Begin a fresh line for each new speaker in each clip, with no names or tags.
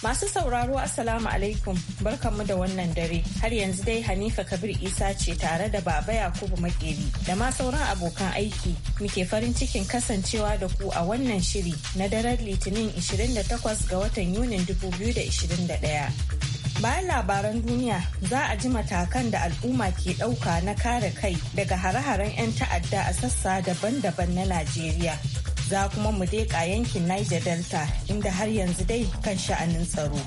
Masu sauraro Assalamu alaikum barkanmu da wannan dare har yanzu dai Hanifa Kabir Isa ce tare da Baba Yakubu Makeri da ma sauran abokan aiki muke farin cikin kasancewa da ku a wannan shiri na daren Litinin 28 ga watan Yunin 2021. Bayan labaran duniya za a ji matakan da al'umma ke ɗauka na kare kai daga hare-haren 'yan ta'adda a sassa daban-daban na Najeriya. za kuma mu deka yankin Niger Delta inda har yanzu dai kan sha'anin tsaro.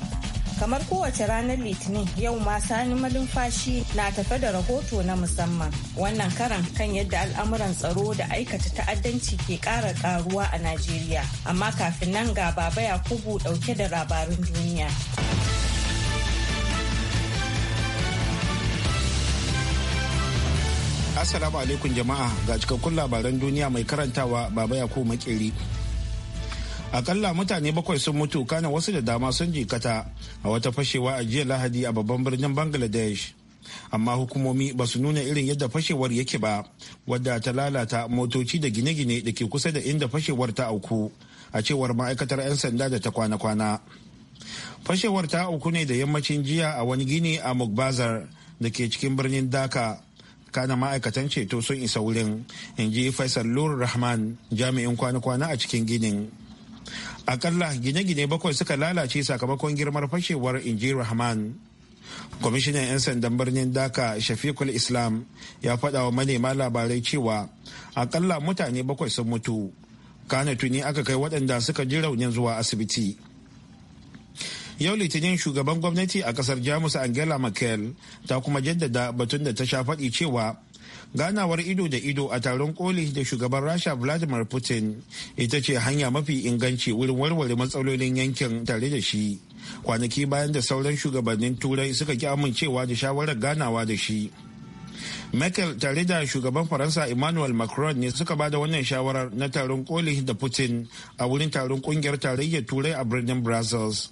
Kamar kowace ranar Litinin yau ma sani malumfashi na tafe da rahoto na musamman. Wannan karan kan yadda al'amuran tsaro da aikata ta'addanci ke ƙara ƙaruwa a Najeriya. Amma kafin nan ga baba kubu ɗauke da labarin duniya.
Assalamu alaikum jama'a ga cikakkun labaran duniya mai karantawa Baba yakub Makeri. Akalla mutane bakwai sun mutu kana wasu da dama sun jikata a wata fashewa a jiya Lahadi a babban birnin Bangladesh. Amma hukumomi ba su nuna irin yadda fashewar yake ba, wadda ta lalata motoci da gine-gine da ke kusa da inda fashewar ta auku, a cewar ma'aikatar 'yan sanda da ta kwana-kwana. Fashewar ta auku ne da yammacin jiya a wani gini a Mugbazar da ke cikin birnin Dhaka. kana ma'aikatan ceto sun isa wurin in ji faisal lur rahman jami'in kwana-kwana a cikin ginin akalla gine-gine bakwai suka lalace sakamakon girmar fashewar in ji rahman kwamishinan 'yan sandan birnin daka shafikul islam ya faɗa wa manema labarai cewa akalla mutane bakwai sun mutu kana tuni aka kai waɗanda suka ji raunin zuwa asibiti yau litinin shugaban gwamnati a kasar jamus angela merkel ta kuma jaddada batun da ta sha faɗi cewa ganawar ido da ido a taron koli da shugaban rasha vladimir putin ita ce hanya mafi inganci wurin warware matsalolin yankin tare da shi kwanaki bayan da sauran shugabannin turai suka ki amincewa da shawarar ganawa da shi merkel tare da shugaban faransa emmanuel macron ne suka bada wannan shawarar na taron koli da putin a wurin taron kungiyar tarayyar turai a birnin brussels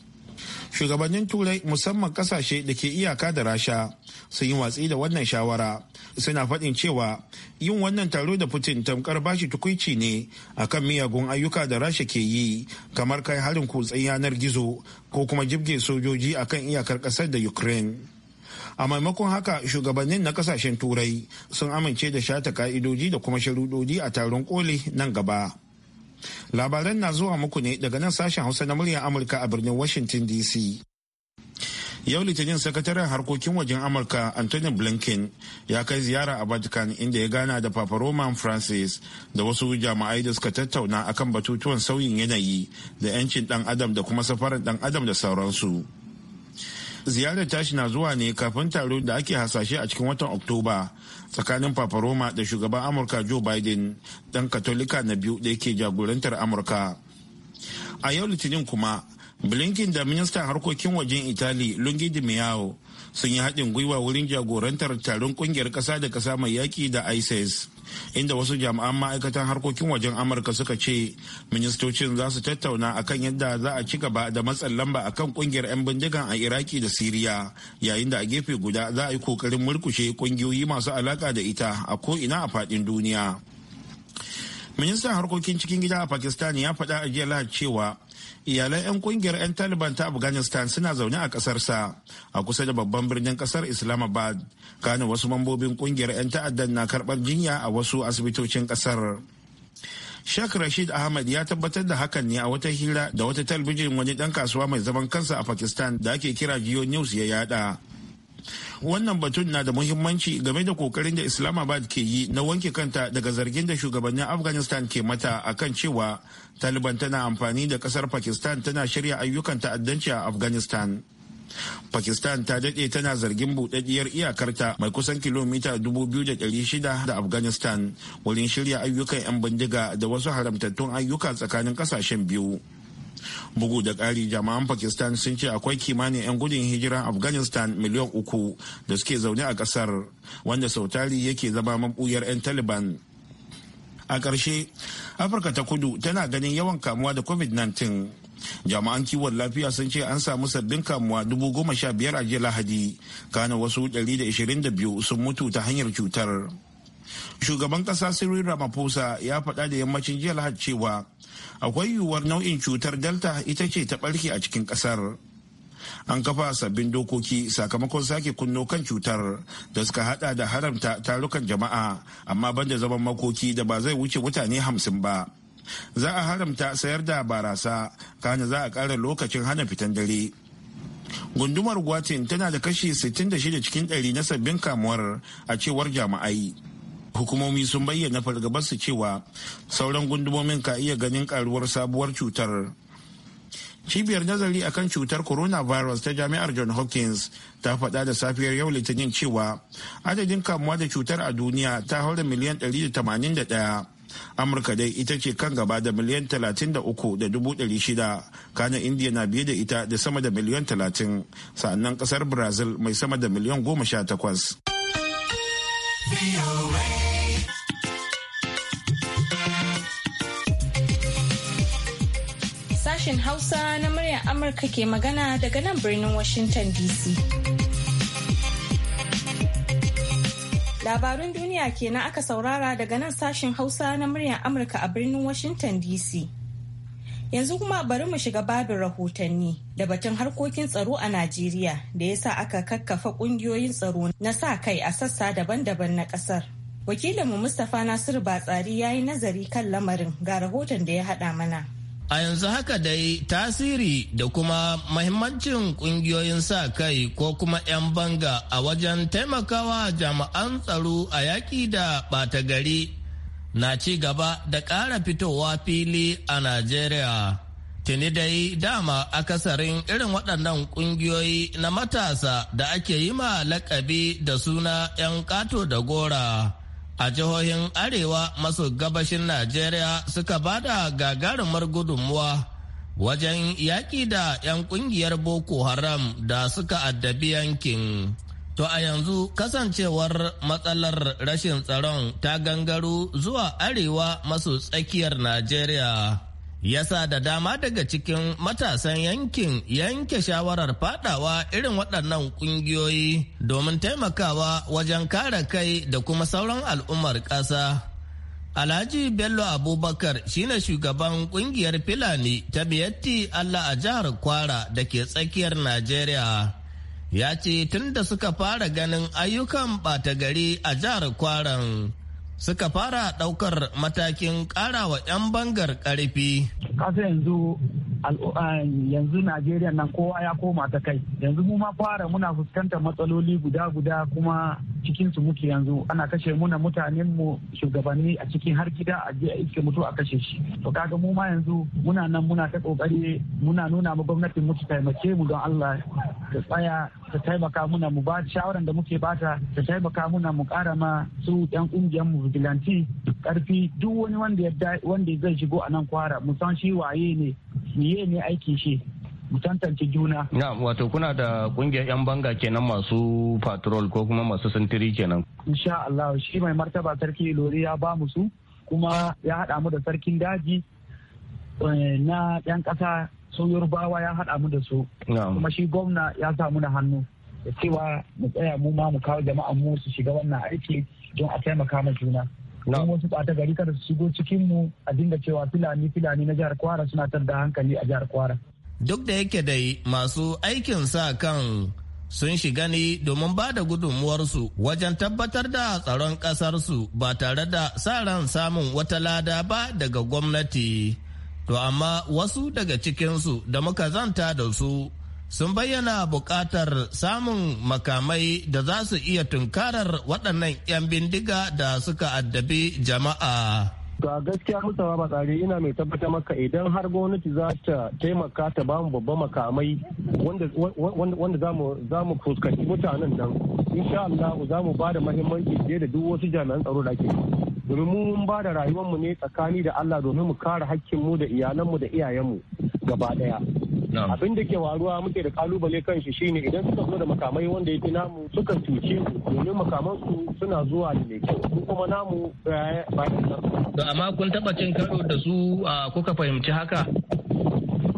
shugabannin turai musamman kasashe da ke iyaka da rasha sun yi watsi da wannan shawara suna faɗin cewa yin wannan taro da putin tamkar bashi tukuici ne akan miyagun ayyuka da rasha ke yi kamar kai harin kutsen yanar gizo ko kuma jibge sojoji akan iyakar ƙasar da ukraine a maimakon haka shugabannin na kasashen turai sun amince da shata ka'idoji da kuma sharuɗoji a taron koli nan gaba Labaran na zuwa muku ne daga nan sashen Hausa na muryar Amurka a birnin Washington DC. Yau Litinin sakataren harkokin wajen Amurka Anthony Blinken ya kai ziyara a Vatican inda ya gana da Papa Roman Francis da wasu jama'ai da suka tattauna akan batutuwan sauyin yanayi da 'yancin dan adam da kuma safarar dan adam da sauransu. Ziyarar tashi na zuwa ne kafin taro da ake hasashe a cikin watan Oktoba tsakanin roma da shugaban amurka joe biden dan katolika na biyu da yake jagorantar amurka a yau litinin kuma blinken da ministan harkokin wajen italy lungi di sun yi haɗin gwiwa wurin jagorantar taron kungiyar ƙasa da ƙasa mai yaƙi da isis inda wasu jami'an ma'aikatan harkokin wajen amurka suka ce ministocin za su tattauna akan yadda za a ci gaba da matsan lamba akan kungiyar 'yan bindigan a iraki da siriya yayin da a gefe guda za a yi kokarin murkushe kungiyoyi masu alaka da ita a ko ko'ina a fadin duniya ministan harkokin cikin gida a pakistan ya faɗa a jiya lahar cewa iyalan 'yan kungiyar 'yan taliban ta afghanistan suna zaune a ƙasarsa a kusa da babban birnin ƙasar islamabad kana wasu mambobin kungiyar 'yan ta'addan na karɓar jinya a wasu asibitocin ƙasar. Sheikh Rashid Ahmad ya tabbatar da hakan ne a wata hira da wata talbijin wani ɗan kasuwa mai zaman kansa a Pakistan da ake kira Geo News ya yada. wannan batun na da muhimmanci game da kokarin da islamabad ke yi na wanke kanta daga zargin da shugabannin afghanistan ke mata a kan cewa taliban tana amfani da kasar pakistan tana shirya ayyukan ta'addanci a afghanistan pakistan ta dade tana zargin budaddiyar iyakarta mai kusan kilomita 2,600 da afghanistan wurin shirya ayyukan 'yan bindiga da wasu haramtattun ayyuka tsakanin kasashen biyu bugu da ƙari jama'an pakistan sun ce akwai kimanin 'yan gudun hijiran afghanistan miliyan uku da suke zaune a ƙasar wanda sau tari yake zama mabuyar 'yan taliban a ƙarshe afirka ta kudu tana ganin yawan kamuwa da covid-19 jami'an kiwon lafiya sun ce an samu sabbin kamuwa dubu goma sha biyar a jiya lahadi kana wasu 122 sun mutu ta hanyar cutar shugaban ƙasa sirri Ramaphosa ya faɗa da yammacin jiya lahadi cewa akwai yiwuwar nau'in cutar delta ita ce ta ɓarke a cikin ƙasar an kafa sabbin dokoki sakamakon sake kunno kan cutar da suka hada da haramta tarukan jama'a amma banda zaman makoki da ba zai wuce mutane hamsin ba za a haramta sayar da barasa kana za a ƙara lokacin hana fitan dare gundumar gwatin tana da kashi 66 cikin 100 na sabbin kamuwar a cewar jama'ai hukumomi sun bayyana fargabarsu cewa sauran gundumomin ka iya ganin karuwar sabuwar cutar cibiyar nazari akan cutar coronavirus ta jami'ar john hopkins ta faɗa da safiyar yau litinin cewa adadin kamuwa da cutar a duniya ta haura miliyan 181 amurka dai ita ce kan gaba da miliyan 33,600 kana indiya na biye da ita da sama da miliyan 30 sa'annan kasar brazil mai sama da miliyan 18
Sashen Hausa na muryar Amurka ke magana daga nan birnin Washington DC. Labarun duniya kenan aka saurara daga nan sashen Hausa na muryar Amurka a birnin Washington DC. Yanzu kuma bari mu shiga babin rahotanni da batun harkokin tsaro a Najeriya da ya sa aka kakkafa ƙungiyoyin tsaro na sa kai a sassa daban-daban na kasar. Wakilinmu Mustapha Nasiru Batsari ya yi nazari kan lamarin ga rahoton da ya haɗa mana.
A yanzu haka dai tasiri da kuma mahimmancin ƙungiyoyin sa kai ko kuma 'yan banga a wajen taimakawa jami'an tsaro a yaƙi da ɓata gari na ci gaba da ƙara fitowa fili a Najeriya. Tuni dai dama akasarin irin waɗannan ƙungiyoyi na matasa da ake yi ma lakabi da suna 'yan ƙato da gora a jihohin Arewa maso gabashin Najeriya suka ba da gagarumar gudunmuwa wajen yaƙi da 'yan ƙungiyar Boko Haram da suka addabi yankin. To a yanzu kasancewar matsalar rashin tsaron ta gangaru zuwa arewa masu tsakiyar Najeriya. Yasa da dama daga cikin matasan yankin yanke shawarar fadawa irin waɗannan ƙungiyoyi domin taimakawa wajen kare kai da kuma sauran al'ummar ƙasa. Alhaji Bello Abubakar shine shugaban ƙungiyar Fulani ta Biyatti Allah a jihar Kwara da ke tsakiyar Najeriya. ya ce tun da suka fara ganin ayyukan ɓata gari a jihar kwaran suka fara ɗaukar matakin wa 'yan bangar karfi
Kasa yanzu yanzu Najeriya nan kowa ya koma ta kai. Yanzu mu ma fara muna fuskantar matsaloli guda-guda kuma cikin su muke yanzu ana kashe muna mutanen mu shugabanni a cikin har gida a je a iske mutu a kashe shi. To kaga mu ma yanzu muna nan muna ta kokari muna nuna mu gwamnatin mu ta taimake mu don Allah ta tsaya ta taimaka muna mu ba shawaran da muke bata ta taimaka muna mu ƙara su 'yan ƙungiyarmu mu bigilanti karfi duk wani wanda zai shigo a nan kwara musan shi waye ne miye ne aikin shi mu tantance juna. Na
wato kuna da kungiyar 'yan banga kenan masu patrol ko kuma masu sintiri kenan.
Insha Allah shi mai martaba sarki lori ya ba mu su kuma ya hada mu da sarkin daji eh, na 'yan ƙasa sun Yorubawa ya hada mu da su. Kuma shi gwamna ya samu da hannu. Da cewa mu tsaya mu ma mu kawo jama'an mu su shiga wannan aiki don a taimaka ma juna don wasu ɓata gari kada su shigo cikin mu a dinga cewa filani filani na jihar kwara suna tar da hankali a jihar kwara
duk da yake dai masu aikin sa kan sun shiga ne domin ba da gudunmuwarsu wajen tabbatar da tsaron ƙasarsu ba tare da sa ran samun wata lada ba daga gwamnati. To amma wasu daga cikinsu da muka zanta da su sun bayyana buƙatar samun makamai da za su iya tunkarar waɗannan 'yan bindiga da suka addabi jama'a. ga gaskiya musawa ba tsari
ina mai tabbata maka idan har gwamnati za ta taimaka ta bamu babban makamai wanda za mu fuskanci mutanen nan insha Allah za mu ba da mahimmanci fiye da duk wasu jami'an tsaro da ke domin mu mun ba da rayuwarmu ne tsakani da Allah domin mu kare hakkinmu da iyalanmu da iyayenmu gaba daya abin da ke waruwa muke da kalubale kan shi shine idan suka zo da makamai wanda yake namu suka cuce mu domin makaman su suna zuwa da mai kyau kuma namu eh,
da amma kun taba cin karo da su kuka fahimci haka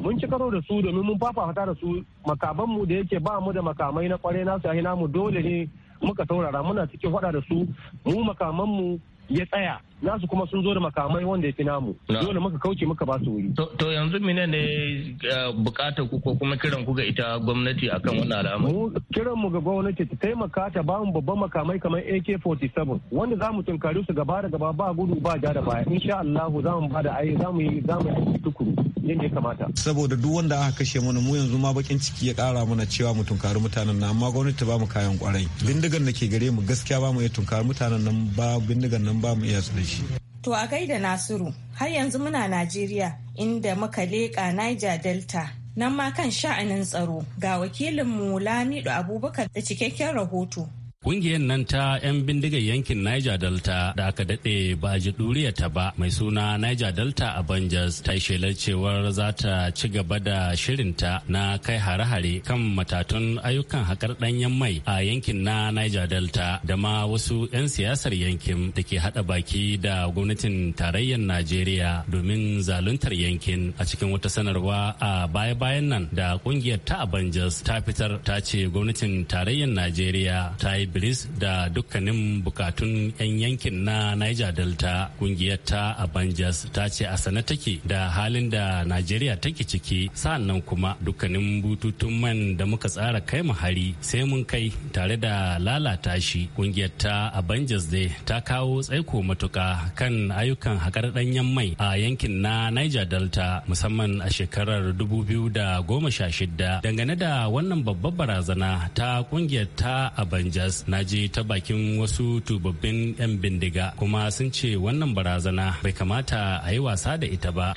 mun ci karo da su domin mun fafata da su makaman mu da yake ba mu da makamai na kware nasu yahi namu dole ne muka saurara muna cikin fada da su mu makaman mu ya tsaya nasu kuma sun zo da makamai wanda ya fi namu dole muka kauce muka ba su wuri
to yanzu mine ne eh, bukatar ku ko kuma kiran ku ga ita gwamnati akan wannan al'amari
mu kiran mu ga gwamnati ta taimaka ta ba babban makamai kamar AK47 wanda za mu tunkari su gaba da gaba ba gudu ba ja da baya insha Allah za mu ba da za mu
yi za mu yi tukuru yadda ya kamata saboda duk wanda aka kashe mana mu yanzu ma bakin ciki ya kara mana cewa mu tunkari mutanen nan amma gwamnati ta ba mu kayan kwarai bindigan da ke gare mu gaskiya ba mu iya tunkari mutanen nan ba bindigan nan ba mu iya su da shi shi.
To a gaida Nasiru, har yanzu muna Najeriya inda muka leƙa Niger Delta. Nan ma kan sha'anin tsaro ga wakilinmu Lamido Abubakar da cikakken rahoto.
Ƙungiyar nan ta 'yan bindigar yankin Niger Delta da aka daɗe ba ji ta ba mai suna Niger Delta Avengers ta shelar cewar za ta ci gaba da shirinta na kai hare-hare kan matatun ayyukan haƙar ɗanyen mai a yankin na Niger Delta da ma wasu 'yan siyasar yankin da ke haɗa baki da gwamnatin tarayyar Najeriya domin zaluntar yankin a cikin wata sanarwa a baya-bayan nan da ƙungiyar ta Avengers ta fitar ta ce gwamnatin tarayyar Najeriya ta yi Idris da dukkanin bukatun 'yan yankin na Niger Delta kungiyar ta Abanjas ta ce a sane take da halin da Najeriya take ciki sa'annan kuma dukkanin bututun man da muka tsara kai mu hari sai mun kai tare da lalata shi kungiyar ta Abanjas dai ta kawo tsaiko matuka kan ayyukan hakar danyen mai a yankin na Niger Delta musamman a shekarar 2016 dangane da wannan babbar barazana ta kungiyar ta Abanjas na je ta bakin wasu tubabbin 'yan bindiga kuma sun ce wannan barazana bai kamata a yi wasa da ita ba.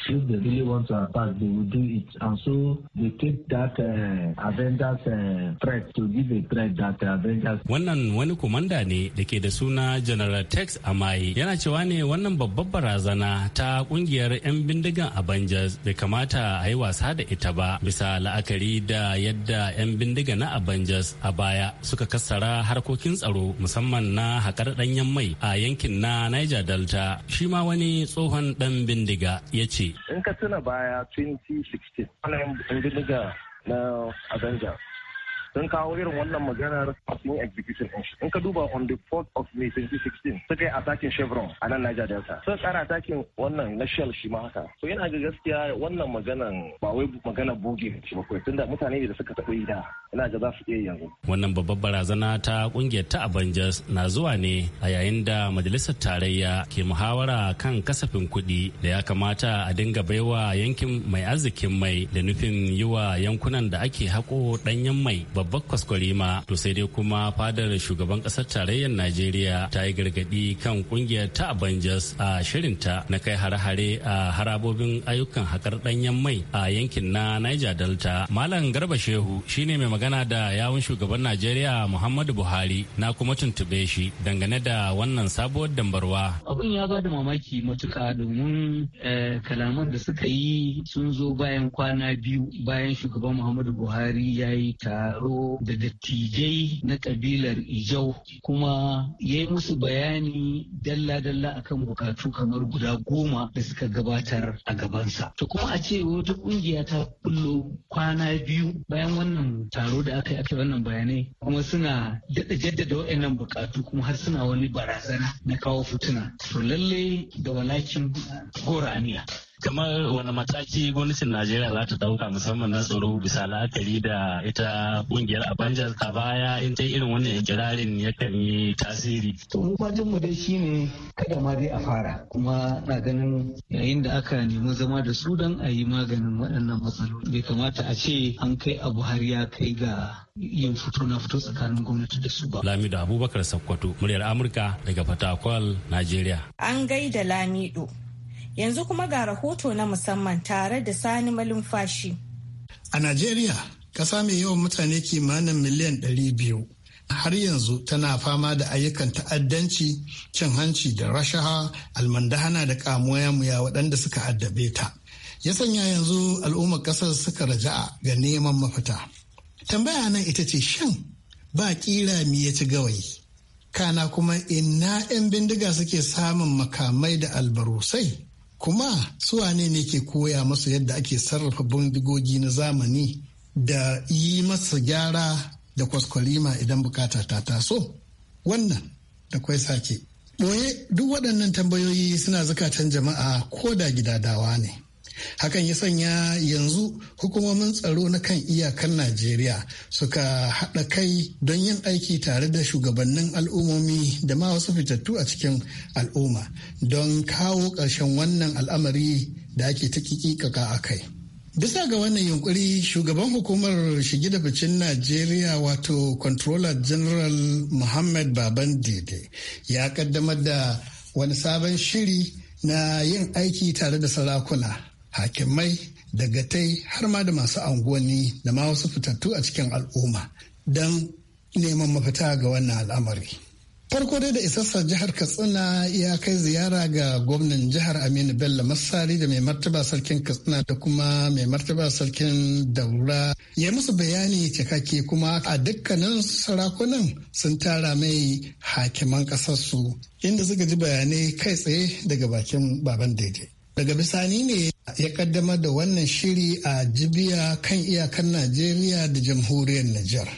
Wannan wani kumanda ne da ke da suna General Tex maye. yana cewa ne wannan babbar barazana ta kungiyar 'yan bindigan Avengers bai kamata a yi wasa da ita ba bisa la'akari da yadda 'yan bindiga na Avengers a baya suka kassara harkokin harkokin tsaro musamman na haƙar ɗanyen mai a yankin na Niger Delta shi ma wani tsohon ɗan bindiga ya ce.
In ka tuna baya 2016 wani bindiga na Avenger sun kawo irin wannan maganar new execution din in ka duba on the 4th of May 2016 suka yi attacking Chevron a nan Niger Delta suka kara takin wannan na Shell shi ma haka so yana ga gaskiya wannan maganan ba wai magana boge ce ba kawai tunda mutane ne da suka taɓa yi da ina ga za su iya yanzu
wannan babbar barazana ta kungiyar ta Avengers na zuwa ne a yayin da majalisar tarayya ke muhawara kan kasafin kuɗi da ya kamata a dinga baiwa yankin mai arzikin mai da nufin yi wa yankunan da ake hako ɗanyen mai babbar kwaskwarima to sai dai kuma fadar shugaban kasar tarayyar najeriya ta yi gargadi kan kungiyar ta abanjas a shirinta na kai hare-hare a harabobin ayyukan hakar danyen mai a yankin na niger delta malam garba shehu shine mai magana da yawun shugaban najeriya muhammadu buhari na kuma tuntube shi dangane da wannan sabuwar dambarwa
abin ya ba da mamaki matuka domin eh, kalaman da suka yi sun zo bayan kwana biyu bayan shugaban muhammadu buhari ya yi taro da dattijai na kabilar Ijau kuma ya yi musu bayani dalla-dalla akan bukatu kamar guda goma da suka gabatar a gabansa. To kuma a ce wata kungiya ta kullo kwana biyu bayan wannan taro da aka yi aka wannan bayanai kuma suna
daɗa jaddada
waɗannan bukatu kuma har suna wani barazana na kawo fituna. To lalle da walakin gora aniya.
kamar wani mataki gwamnatin najeriya za ta dauka musamman na tsaro bisa la'akari da ita kungiyar abanjar a baya in ta irin wannan ikirarin yakan yi tasiri to mu
fatan mu dai shine kada ma dai a fara kuma na ganin yayin da aka nemi zama da su don a yi maganin waɗannan matsaloli bai kamata a ce an kai abu har ya kai
ga
yin
fito na fito tsakanin gwamnati da su ba.
Lamido Abubakar Sakkwato, muryar Amurka daga Fatakwal, Najeriya.
An gaida Lamido. Yanzu kuma ga rahoto na musamman tare da Sani Malumfashi. A Najeriya, ƙasa mai yawan
mutane kimanin miliyan ɗari biyu. har yanzu tana fama da ayyukan ta'addanci cin hanci da rashaha almandahana da kamuwa-muya waɗanda suka addabe ta ya sanya yanzu al'ummar ƙasar suka raja'a ga neman mafita tambaya nan ita ce shan ba ƙira mi ya ci gawayi kana kuma ina 'yan bindiga suke samun makamai da albarusai kuma suwane ne ke koya masu yadda ake sarrafa bindigogi na zamani da yi masa gyara da kwaskwalima idan bukata ta taso wannan da kwai sake ɓoye duk waɗannan tambayoyi suna zukatan jama'a ko da gidadawa ne hakan ya sanya yanzu hukumomin tsaro na kan iyakar najeriya suka haɗa kai don yin aiki tare da shugabannin al'ummomi da ma wasu fitattu a cikin al'umma don kawo ƙarshen wannan al'amari da ake ta kikikaka a kai bisa ga wannan yunkuri shugaban hukumar shige da ficin najeriya wato controller general muhammad baban dede ya kaddamar da wani sabon shiri na yin aiki tare da sarakuna hakimai da gatai har ma da masu anguwanni da ma wasu fitattu a cikin al'umma don neman mafita ga wannan al'amari. Farko dai da isassar jihar Katsina ya kai ziyara ga gwamnan jihar Aminu Bello Masari da mai martaba sarkin Katsina da kuma mai martaba sarkin Daura. Ya musu bayani cikakke kuma a dukkanin sarakunan sun tara mai hakiman kasarsu inda suka ji bayanai kai tsaye daga bakin baban daidai. Daga bisani ne ya kaddamar da wannan shiri a jibiya kan iyakar najeriya da jamhuriyar nijar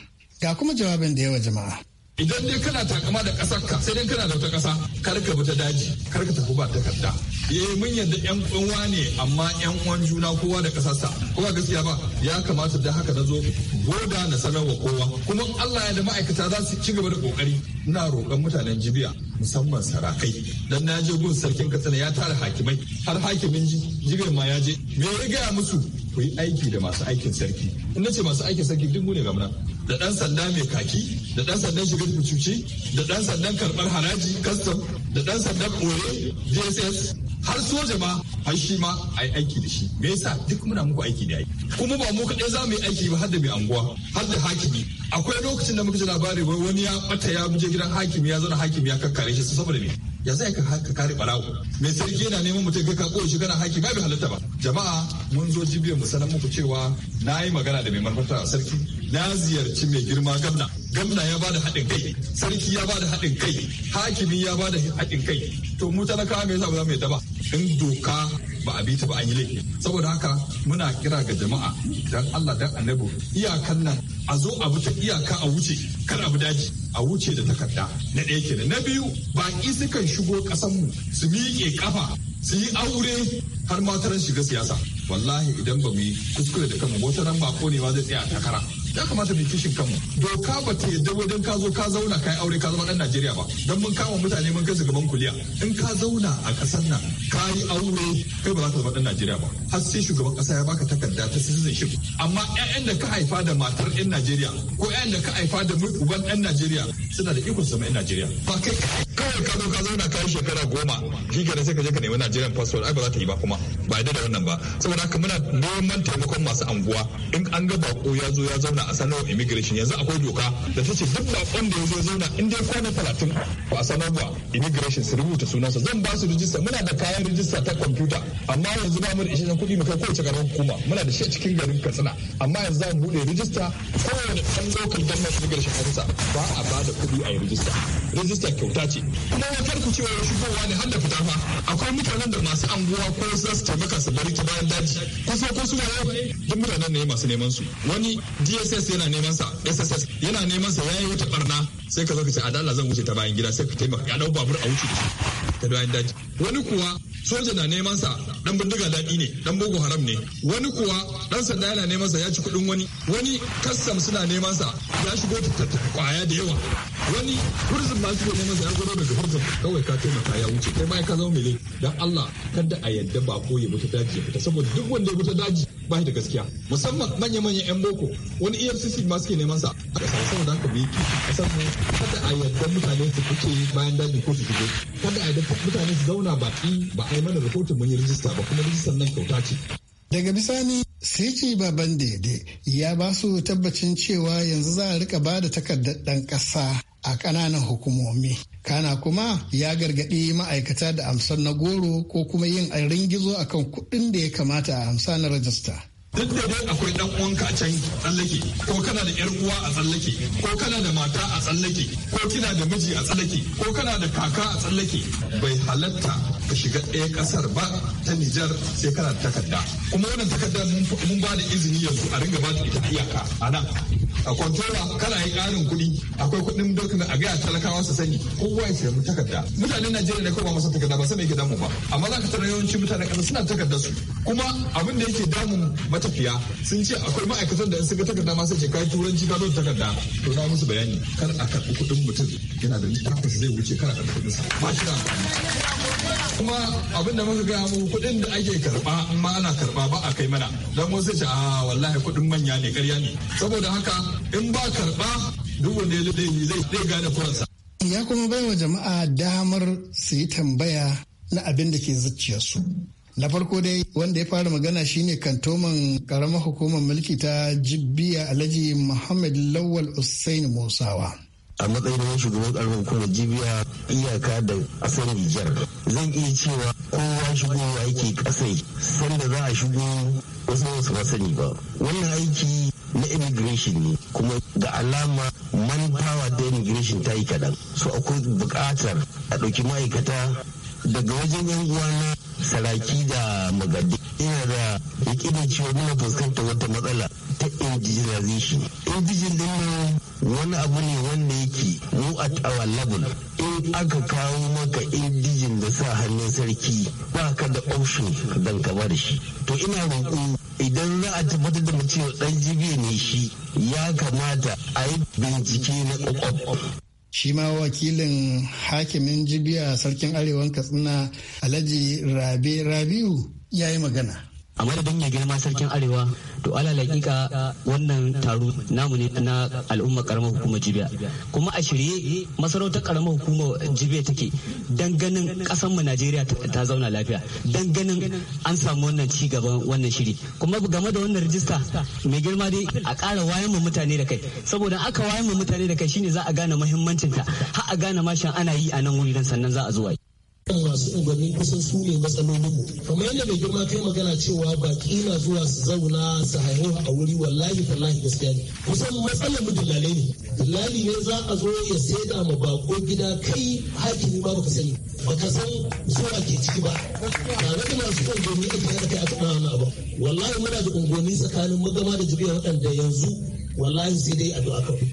ga kuma jawabin da yawa jama'a
idan dai kana takama da ƙasar ka sai dai kana da wata ƙasa kar ka ta daji kar ka tafi ba takarda yayi eh, mun yadda yan uwa ne amma yan uwan juna kowa da ƙasarsa ko ba gaskiya ba ya kamata da haka na zo goda na sanarwa kowa kuma Allah ya da ma'aikata za su ci gaba da kokari ina roƙon mutanen jibiya musamman sarakai dan na je gun sarkin katsina ya tara hakimai har hakimin jibiya ma ya je me ya gaya musu ku yi aiki da masu aikin sarki in ce masu aikin sarki duk mu ne gamna da dan sanda mai kaki da dan sandan shiga da cuci da dan sandan karbar haraji custom da dan sandan koye jss har soja ma har shi ma a yi aiki da shi me yasa duk muna muku aiki da aiki kuma ba mu kaɗai za mu yi aiki ba har da mai anguwa har da hakimi akwai lokacin da muka ji labari wai wani ya bata ya je gidan hakimi ya zo hakimi ya kakkare shi saboda me ya zai ka ka kare barawo mai sarki yana neman mutum ka kako shi kana haki ba bai halatta ba jama'a mun zo jibiyar mu sanar muku cewa na yi magana da mai marfata sarki na ziyarci mai girma gabna gwamna ya bada haɗin kai sarki ya bada haɗin kai hakimi ya bada haɗin kai to mu talakawa me yasa ba za mu yadda ba in doka ba a bi ta ba an yi laifi saboda haka muna kira ga jama'a dan Allah dan annabi iyakan nan a zo a bi ta iyaka a wuce kar abu daji a wuce da takarda na ɗaya kenan na biyu baƙi sukan shigo ƙasanmu su miƙe kafa su yi aure har mataran shiga siyasa wallahi idan ba mu yi kuskure da kanmu wata ran ba ko ne ma zai tsaya takara ya kamata mu kishin kanmu doka ba ta yadda wajen ka zo ka zauna kai aure ka zama dan Najeriya ba dan mun kama mutane mun kai gaban kuliya in ka zauna a kasar nan ka yi aure kai ba za ka zama dan Najeriya ba har sai shugaban kasa ya baka takarda ta citizenship amma ƴaƴan da ka haifa da matar ɗan Najeriya ko ƴaƴan da ka haifa da uban ɗan Najeriya suna da ikon zama ɗan Najeriya ba kai kawai ka zo ka zauna ka yi shekara goma shi kenan sai ka je ka nemi Najeriyan passport ai ba za ta yi ba kuma ba yadda da wannan ba saboda haka muna neman taimakon masu anguwa in an ga bako ya zo ya zauna na a immigration yanzu akwai doka da ta ce duk bakon da ya zo zauna in dai kwana talatin ba a sanarwa immigration su rubuta sunansa zan ba su rijista muna da kayan rijista ta kwamfuta amma yanzu ba mu da isasshen kuɗi mu kai kowace garin hukuma muna da shi a cikin garin katsina amma yanzu za mu buɗe rijista kowane ɗan lokal gwamnati immigration officer ba a ba da kuɗi a yi rijista rijista kyauta ce kuma kar ku cewa shigowa ne har da fita fa akwai mutanen da masu anguwa ko za su taimaka su bari ta bayan daji kusa ko suna yau duk mutanen ne masu neman su wani dss yana neman sa sss yana neman sa yayi wata barna sai ka zo ka ce adala zan wuce ta bayan gida sai ka taimaka ya dau babur a wuce da shi da bayan daji wani kuwa soja na neman sa dan bindiga daɗi ne dan boko haram ne wani kuwa dan sanda yana neman sa ya ci kuɗin wani wani kassam suna neman sa ya shigo kwaya da yawa wani kurzin ma shigo neman sa ya zo daga kurzin kawai ka taimaka ya wuce kai ma ka zama mele dan Allah kada a yadda ba ko ya mutu daji ya saboda duk wanda ya fita daji ba da gaskiya musamman manya-manyan 'yan boko wani efcc ma suke neman sa a kasar saboda haka aka yi kasar mu kada a yadda mutane su fice bayan daji ko su shigo kada a don mutane su zauna baki ba a yi mana rahoton mun yi rijista ba kuma rijistar nan kyauta ce.
Daga bisani Siki Baban Dede ya ba su tabbacin cewa yanzu za a rika ba da takardar ɗan ƙasa a ƙananan hukumomi. Kana kuma ya gargaɗi ma'aikata da amsar na goro ko kuma yin rin gizo akan kuɗin da ya kamata a amsa na rajista.
duk da dai akwai dan uwanka a can tsallake ko kana da yar uwa a tsallake ko kana da mata a tsallake ko kina da miji a tsallake ko kana da kaka a tsallake bai halatta ka shiga ɗaya ƙasar ba ta Nijar sai kana da takarda kuma wannan takarda mun ba da izini yanzu a ringa ba da ita iyaka a nan a kwantola kana yi ƙarin kuɗi akwai kuɗin document a gaya talakawa su sani kowa ya samu takarda mutanen Najeriya ne kuma masa takarda ba sai mai ke damu ba amma za ka tara yawanci mutanen ƙasa suna takardar su kuma abin da yake damun mata tafiya sun ce akwai ma'aikatan da suka takarda ma sai ce kai turanci ka zo takarda to na musu bayani kar a karɓi kuɗin mutum yana da littafin zai wuce kar a karɓi kuɗin sa ba shi da kuma abin da muka gaya mu kuɗin da ake karɓa in ma ana karɓa ba a kai mana dan wasu ce a ah, wallahi kuɗin manya ne ƙarya ne saboda haka in ba karɓa duk wanda ya zai zai gane kuransa
ya kuma baiwa jama'a damar su yi tambaya na abin da ke zuciyarsu na farko dai wanda ya fara magana shine kantoman karamar hukumar mulki ta jibbiya alhaji muhammad lawal usain musawa a matsayin wani shugaban karfin kuma jibiya iyaka
da asar Nijar. Zan iya cewa kowa shigo aiki kasai sanda za a shigo wasu wasu ba sani ba. Wannan aiki na immigration ne kuma ga alama manpower ta immigration ta yi kaɗan. So akwai bukatar a ɗauki ma'aikata daga wajen yan uwana saraki da magadi ina da da cewa muna fuskantar wata matsala ta indigenization indigen din nan wani abu ne wanda yake mu at our level in aka kawo maka indijin da sa hannun sarki ba ka da option dan ka bar shi to ina roƙo idan za a tabbatar da mu cewa dan jibi ne shi ya kamata
a yi bincike na ƙwaƙwaf shi ma wakilin hakimin jibiya sarkin arewan katsina alhaji rabe rabiu ya yi magana
a madadin ya girma sarkin arewa to ala laƙiƙa wannan taro namu ne na al'ummar karamar hukumar jibiya kuma a shirye masarautar karamar hukumar jibiya take dan ganin kasar mu najeriya ta zauna lafiya dan ganin an samu wannan ci gaban wannan shiri kuma game da wannan rijista mai girma dai a ƙara wayan mu mutane da kai saboda aka wayan mu mutane da kai shine za a gane muhimmancinta ta har a gane mashin ana yi a nan wuri sannan za a zuwa
masu ugani kusan su ne matsalolin mu kamar yadda mai girma kai magana cewa baki na zuwa su zauna su haihu a wuri wallahi fallahi gaskiya ne kusan matsalar mu dillalai ne dillali ne za a zo ya saida ma bako gida kai hakimi babu baka sani baka san zuwa ke ciki ba tare da masu ungwami ake haɗa kai a kaɗa wani ba wallahi muna da ungwami tsakanin magama da jibiya waɗanda yanzu wallahi sai dai addu'a kawai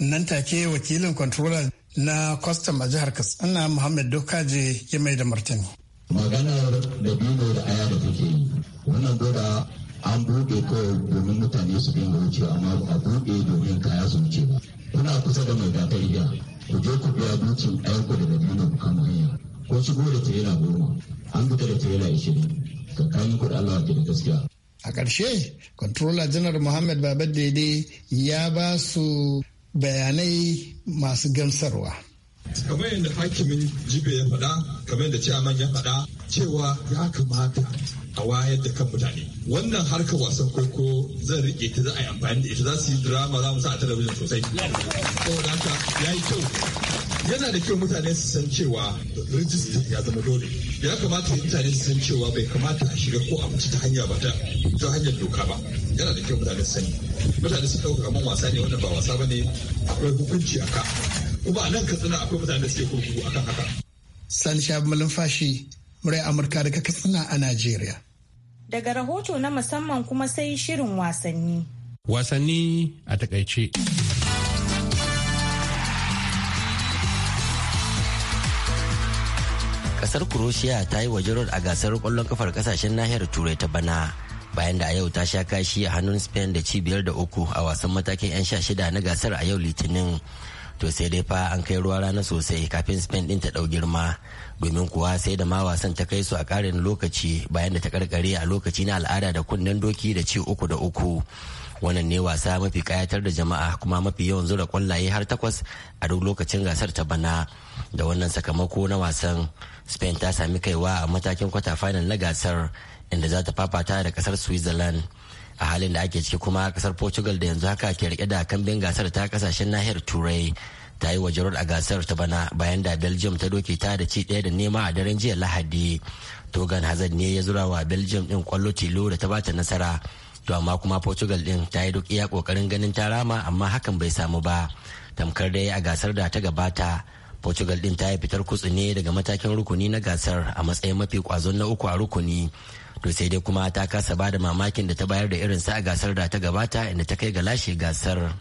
nan take wakilin controller na kwastam a jihar katsina muhammad dokaje ya mai da
martani maganar da dino da aya da take yi wannan goda an buɗe kawai domin mutane su dinga wuce amma ba a buɗe domin kaya su wuce ba kuna kusa
da mai gata iya ku je ku biya dukin ayyuka da dabino ku kama hanya ko shigo da tirela goma an fita da tirela ishirin ka kayan kuɗi allah ke da gaskiya a ƙarshe
controller janar muhammad baba daidai ya ba su bayanai masu gamsarwa.
kamar yadda hakimin jibe ya faɗa kamar yadda ciyaman ya faɗa cewa ya kamata a wayar da kan mutane wannan harkar wasan kwaikwayo zan riƙe ta za a yi amfani da ita za su yi drama za mu sa a talabijin sosai saboda haka ya yi kyau yana da kyau mutane su san cewa rijista ya zama dole ya kamata mutane su san cewa bai kamata a shiga ko a mutu ta hanya ba ta hanyar doka ba yana da kyau mutane su sani mutane su ɗauka kamar wasa ne wannan ba wasa ba ne akwai hukunci a ka kuma a nan katsina akwai mutane da suke kurkuku akan haka.
sani shabi malumfashi murai amurka daga katsina a najeriya.
daga rahoto na musamman kuma sai shirin wasanni.
wasanni a takaice.
kasar croatia ta yi wa a gasar kwallon kafar kasashen nahiyar turai ta bana bayan da a yau ta sha kashi a hannun spain da cibiyar da uku a wasan matakin 'yan sha shida na gasar a yau litinin to sai dai fa an kai ruwa rana sosai kafin spain din ta dau girma domin kuwa sai da ma wasan ta kai su a karin lokaci bayan da ta karkare a lokaci na al'ada da kunnen doki da ci uku da uku wannan ne wasa mafi kayatar da jama'a kuma mafi yawan zura kwallaye har takwas a duk lokacin gasar ta bana da wannan sakamako na wasan spain ta sami kaiwa a matakin kwata final na gasar inda za ta fafata da kasar switzerland a halin da ake ciki kuma kasar portugal da yanzu haka ke rike da kambin gasar ta kasashen nahiyar turai ta yi wa a gasar ta bana bayan da belgium ta doke ta da ci daya da nema a daren jiya lahadi togan hazard ne ya zura wa belgium din kwallo tilo da ta bata nasara to amma kuma portugal din ta yi duk iya kokarin ganin ta rama amma hakan bai samu ba tamkar dai a gasar da ta gabata portugal din ta yi fitar kutsu ne daga matakin rukuni na gasar a matsayin mafi kwazon na uku a rukuni to sai dai kuma ta kasa bada mamakin da ta bayar da irinsa a gasar da ta gabata inda ta kai ga lashe gasar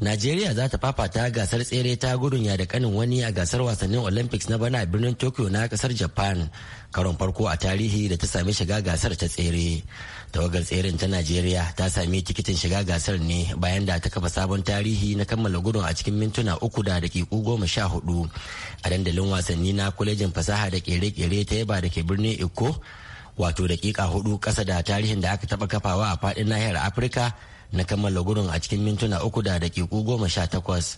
najeriya za ta fafata gasar tsere ta gudun ya da kanin wani a gasar wasannin olympics na bana a birnin tokyo na kasar japan karon farko a tarihi da ta sami shiga gasar ta tsere tawagar tseren ta najeriya ta sami tikitin shiga gasar ne bayan da ta kafa sabon tarihi na kammala gudun a cikin mintuna uku da dakiku goma sha hudu a dandalin wasanni na kwalejin fasaha da kere-kere ta yaba da ke birnin eko wato dakika hudu ƙasa da tarihin da aka taɓa kafawa a faɗin nahiyar afirka na kammala gurin a cikin mintuna uku da dakiku goma sha takwas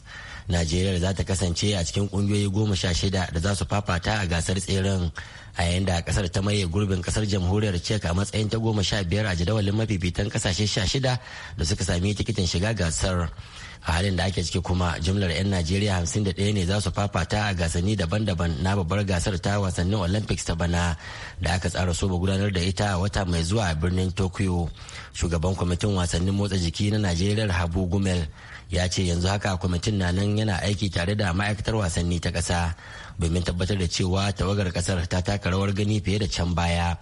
najeriya za ta kasance a cikin kungiyoyi goma sha shida da za su fafata a gasar tseren a yayin da kasar ta maye gurbin kasar jamhuriyar cek a matsayin ta goma sha biyar a jadawalin mafifitan kasashe sha shida da suka sami tikitin shiga gasar a halin da ake ciki kuma jumlar 'yan najeriya hamsin da ɗaya ne za su fafata a gasanni daban-daban na babbar gasar ta wasannin olympics ta bana da aka tsara soba gudanar da ita a wata mai zuwa a birnin tokyo shugaban kwamitin wasannin motsa jiki na najeriya habu gumel ya ce yanzu haka kwamitin na nan yana aiki tare da ma'aikatar wasanni ta ƙasa domin tabbatar da cewa tawagar ƙasar ta taka rawar gani fiye da can baya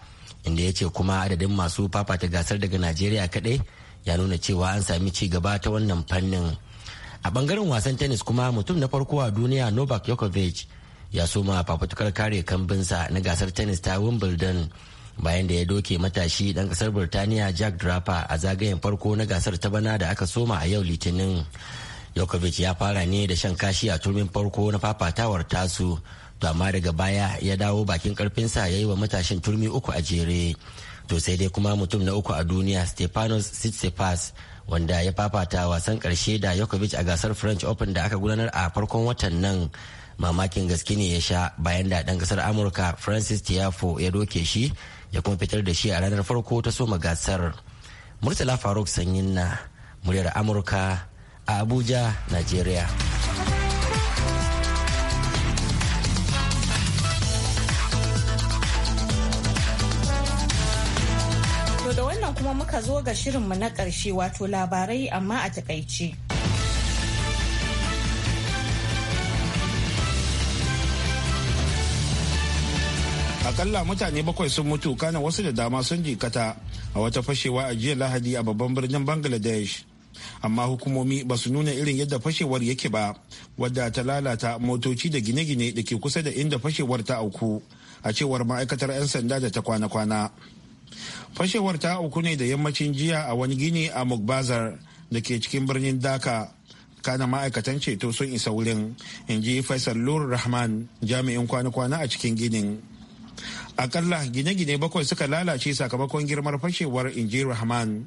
inda ya ce kuma adadin masu fafata gasar daga najeriya kaɗai ya nuna cewa an sami ci gaba ta wannan fannin a bangaren wasan tennis kuma mutum na farko a duniya novak djokovic ya soma fafutukar kare kambinsa na gasar tennis ta wimbledon bayan da ya doke matashi dan kasar birtaniya jack draper a zagayen farko na gasar ta bana da aka soma a yau litinin Djokovic ya fara ne da shan kashi a turmin farko na fafatawar tasu to amma daga baya ya dawo bakin karfinsa ya yi wa matashin turmi uku a jere to sai dai kuma mutum na uku a duniya stefanos tsitsipas wanda ya fafata wasan karshe da Djokovic a gasar French Open da aka gudanar a farkon watan nan mamakin gaske ne ya sha bayan da dan kasar Amurka Francis Tiafo ya doke shi ya kuma fitar da shi a ranar farko ta soma gasar. Murtala Faruk Sanyin na muryar Amurka a Abuja, Nigeria.
kuma muka zo ga shirinmu na ƙarshe wato labarai amma a takaice.
Akalla mutane bakwai sun mutu kana wasu da dama sun jikata a wata fashewa a jiya lahadi a babban birnin Bangladesh. Amma hukumomi ba su nuna irin yadda fashewar yake ba, wadda ta lalata motoci da gine-gine da ke kusa da inda fashewar ta auku, a cewar ma'aikatar 'yan sanda da ta kwana-kwana. fashewar ta uku ne da yammacin jiya a wani gini a mugbazar da ke cikin birnin daka. kana ma'aikatan ceto sun isa wurin in ji faisal lur rahman jami'in kwana-kwana a cikin ginin akalla gine-gine bakwai suka lalace sakamakon girmar fashewar in ji rahman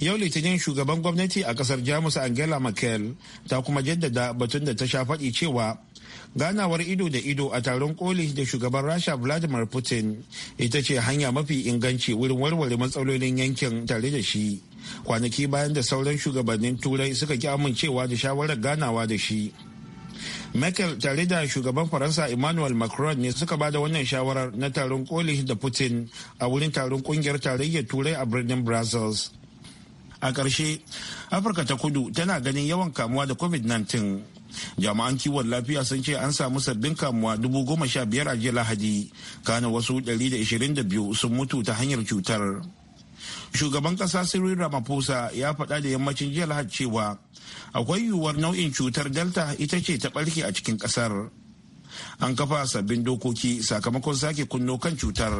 yau litinin shugaban gwamnati a kasar jamus angela merkel ta kuma jaddada batun da ta sha faɗi cewa ganawar ido da ido a taron koli da shugaban rasha vladimir putin ita ce hanya mafi inganci wurin warware matsalolin yankin tare da shi kwanaki bayan da sauran shugabannin turai suka ki amincewa da shawarar ganawa da shi merkel tare da shugaban faransa emmanuel macron ne suka bada wannan shawarar na taron koli da putin a wurin taron kungiyar tarayyar turai a birnin brussels a ƙarshe afirka ta kudu tana ganin yawan kamuwa da covid-19 jami'an kiwon lafiya sun ce an samu sabbin kamuwa dubu goma sha biyar a jiya lahadi kana wasu ɗari da da ishirin biyu sun mutu ta hanyar cutar shugaban ƙasa sirri ramaphosa ya faɗa da yammacin jiya lahadi cewa akwai yiwuwar nau'in cutar delta ita ce ta ɓarke a cikin ƙasar an kafa sabbin dokoki sakamakon sake kunno kan cutar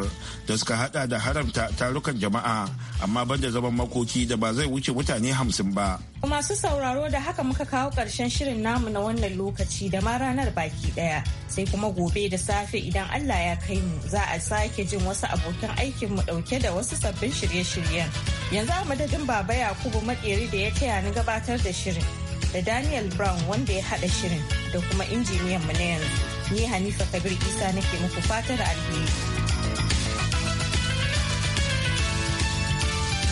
da suka hada da haramta tarukan jama'a amma banda zaman makoki da ba zai wuce mutane hamsin ba
masu sauraro da haka muka kawo karshen shirin namu na wannan lokaci da ma ranar baki daya sai kuma gobe da safe idan allah ya kai mu za a sake jin wasu abokan aikin mu dauke da wasu sabbin shirye-shiryen yanzu a madadin baba yakubu makeri da ya taya ni gabatar da shirin da daniel brown wanda ya hada shirin da kuma injiniyan mu na yanzu ni hanifa kabir isa nake muku fatar alheri